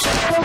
I'm